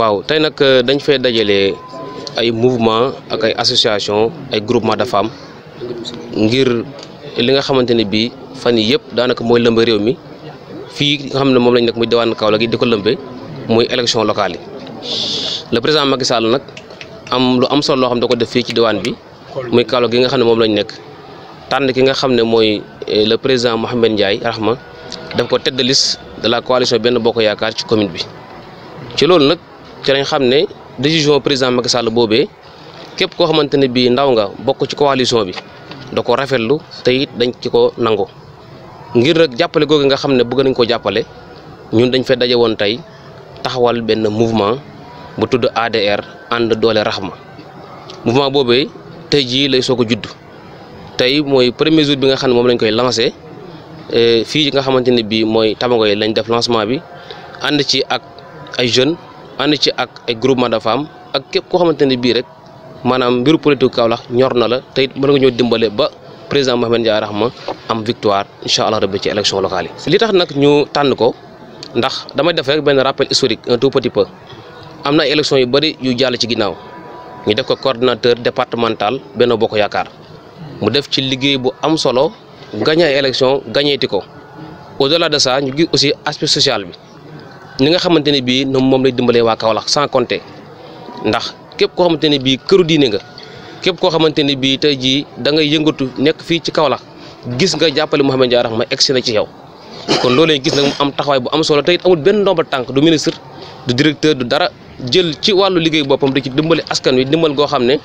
waaw tey nag euh, dañ fee dajale ay mouvement ak ay association ay groupement de femmes ngir li nga xamante ne bii fan yi yëpp daanaka mooy lëmbe réew mi fii nga xam ne moom lañ nekk muy diwaan Kaolack gi di ko lëmbe muy élection locale yi le président Macky Sall nag am lu am solo loo xam da ko def fii ci diwaan bi muy Kaolack gi nga xam ne moom lañ nekk tànn ki nga xam ne mooy euh, le président Mouhamed Ndiaye Rahma daf ko tête de liste la coalition benn bokk yaakaar ci commune bi ci lañ xam ne décision président Macky Sall boobee képp koo xamante ne bii ndaw nga bokk ci coalition bi da ko rafetlu te it dañ ci ko nangoo ngir rek jàppale googu nga xam ne bugg nañ ko jàppale ñun dañ fee daje woon tey taxawal benn mouvement bu tudd ADR ànd doole Rahma mouvement boobee tey jii lay soog a juddu tey mooy premier jour bi nga xam ne moom lañ koy lancé eh, fii nga xamante ne bii mooy Tamangoy lañ def lancement bi ànd ci ak ay jeunes. and ci ak ay groupement de femmes ak kep ko xamanteni bi rek manam mbiru politique la ñor na la it nga ñoo ba président Mohamed Rahma am victoire inshallah allah rabbi ci élection locale li tax nak ñu tànn ko ndax dama def rek ben rappel historique un tout petit peu amna na yu bari yu jall ci ginnaw ñu def ko coordinateur départemental beno Boko yakar mu def ci liggéey bu am solo gagner election gagner tiko au delà de ça ñu gi aussi aspect social bi. li nga xamante ne bii ñoom moom lay dimbalee waa Kaolack sans compter ndax képp koo xamante ne bii këru diine nga képp koo xamante ne bii tey jii da ngay yëngatu nekk fii ci Kaolack gis nga jàppale Mouhamed Ndiaye Rahma egsi na ci yow kon loolee gis nag mu am taxawaay bu am solo te it amul benn ndomba tànk du ministre du directeur du dara jël ci wàllu liggéey boppam di ci dimbali askan wi dimbal goo xam ne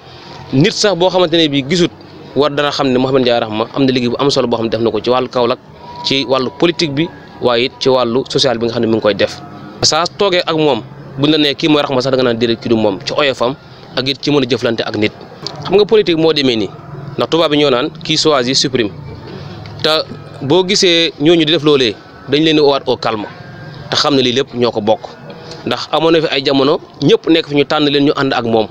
nit sax boo xamante ne bii gisut war dana xam ne Mouhamed Ndiaye Rahma am na liggéey bu am solo boo xam ne def na ko ci wàllu Kaolack ci wàllu politique bi waaye it ci wàllu social bi nga xam ne mi ngi koy def saa toogee ak moom buñ la nee kii mooy raxma sax da naan déedéet moom ci oyofam ak it ci mën a jëflante ak nit xam nga politique moo demee nii ndax tubaab bi ñoo naan kii choisit supprime te boo gisee ñooñu di def loolee dañ leen di owaat au calme te xam ne lii lépp ñoo ko bokk ndax amoon na fi ay jamono ñëpp nekk fi ñu tànn leen ñu ànd ak moom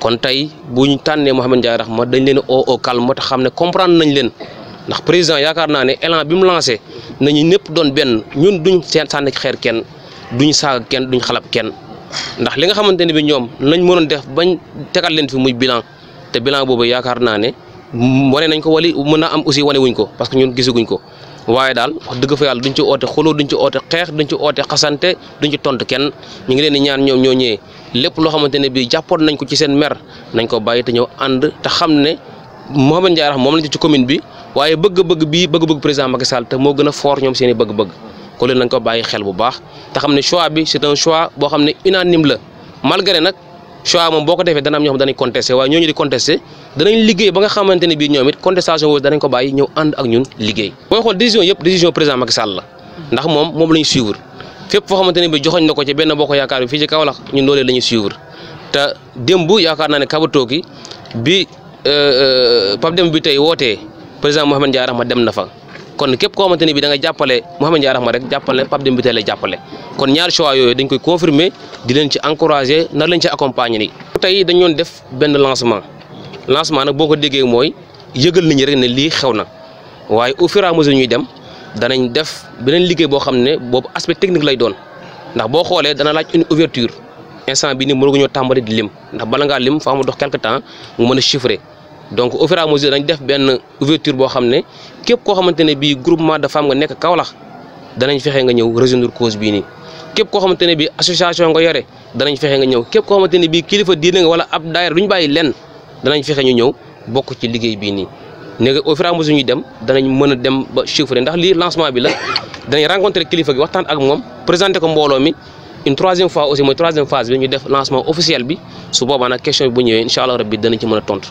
kon tey bu ñu tànnee Mouhamed Ndiaye ma dañ leen oo au calme te xam ne comprendre nañ leen ndax président yaakaar naa ne élan bi mu lancé nañu ñëpp doon benn ñun duñ seen sànni xeer kenn duñ saaga kenn duñ xalab kenn ndax li nga xamante ne bi ñoom lañ mënoon def bañ tegal leen fi muy bilan te bilan boobu yaakaar naa ne wane nañ ko wali mën naa am aussi wane wuñ ko parce que ñun gisaguñ ko waaye daal wax dëgg fa yàlla duñ ci oote xuloo duñ ci oote xeex duñ ci oote xasante duñ ci tont kenn ñu ngi leen di ñaan ñoom ñoo ñëwee lépp loo xamante ne bii jàppoon nañ ko ci seen mer nañ ko bàyyi te ñëw ànd te xam ne Mouhamed Ndiaye Rakhma moom lañ ci commune bi waaye bëgg-bëgg bii bëgg-bëgg président Macky Sall te moo gën a fort ñoom seen i bëgg-bëgg ko leen nañ ko bàyyi xel bu baax te xam ne choix bi c'est un choix boo xam ne unanime la malgré nag choix moom boo ko defee dana am ñoo xam danañ contesté waaye ñooñu di contesté danañ liggéey ba nga xamante ne bii ñoom it contestation boobu danañ ko bàyyi ñëw ànd ak ñun liggéey booy xool décision yëpp décision président Macky Sall la ndax moom moom la ñu suivre fépp foo xamante ne bi joxoñ na ko ci benn bokk yaakaar bi fii ci Kaolack ñun loolee la ñuy suivre te démb yaakaar naa ne Kabatooki bi euh, euh, Pape Demba bi tey wootee président Mouhamed Ndiaye Rahma dem na fa kon képp koo xamante bi dangay jàppale Mouhamed Ndiaye rek jàppale Pape Demba Bitèye la jàppale kon ñaari choix yooyu dañ koy confirmer di leen ci encourager nar leen ci accompagner ni tey dañ def benn lancement lancement nag boo ko déggee mooy yëgal nit ñi rek ne lii xew na waaye au fur et à ñuy dem danañ def beneen liggéey boo xam ne boobu aspect technique lay doon ndax boo xoolee dana laaj une ouverture instant bi ni mënaguñoo tàmbali di lim ndax bala ngaa lim faa mu dox quelque temps mu mën a chiffrer donc au fur dañ def benn ouverture boo xam ne képp koo xamante ne bii groupement de femmes nga nekk Kaolack danañ fexe nga ñëw rejoindre cause bii nii képp koo xamante ne bii association nga yore danañ fexe nga ñëw képp koo xamante ne bii kilifa diine nga wala ab daayira duñ bàyyi len danañ fexe ñu ñëw bokk ci liggéey bii nii léegi au fur et à ñuy dem danañ mën a dem ba chiffre ndax lii lancement bi la danañ rencontré kilifa gi waxtaan ak moom présenté ko mbooloo mi une troisième fois aussi mooy troisième phase ñu def lancement officiel bi su boobaa nag question bi bu ñëwee incha allah ci mën a tontu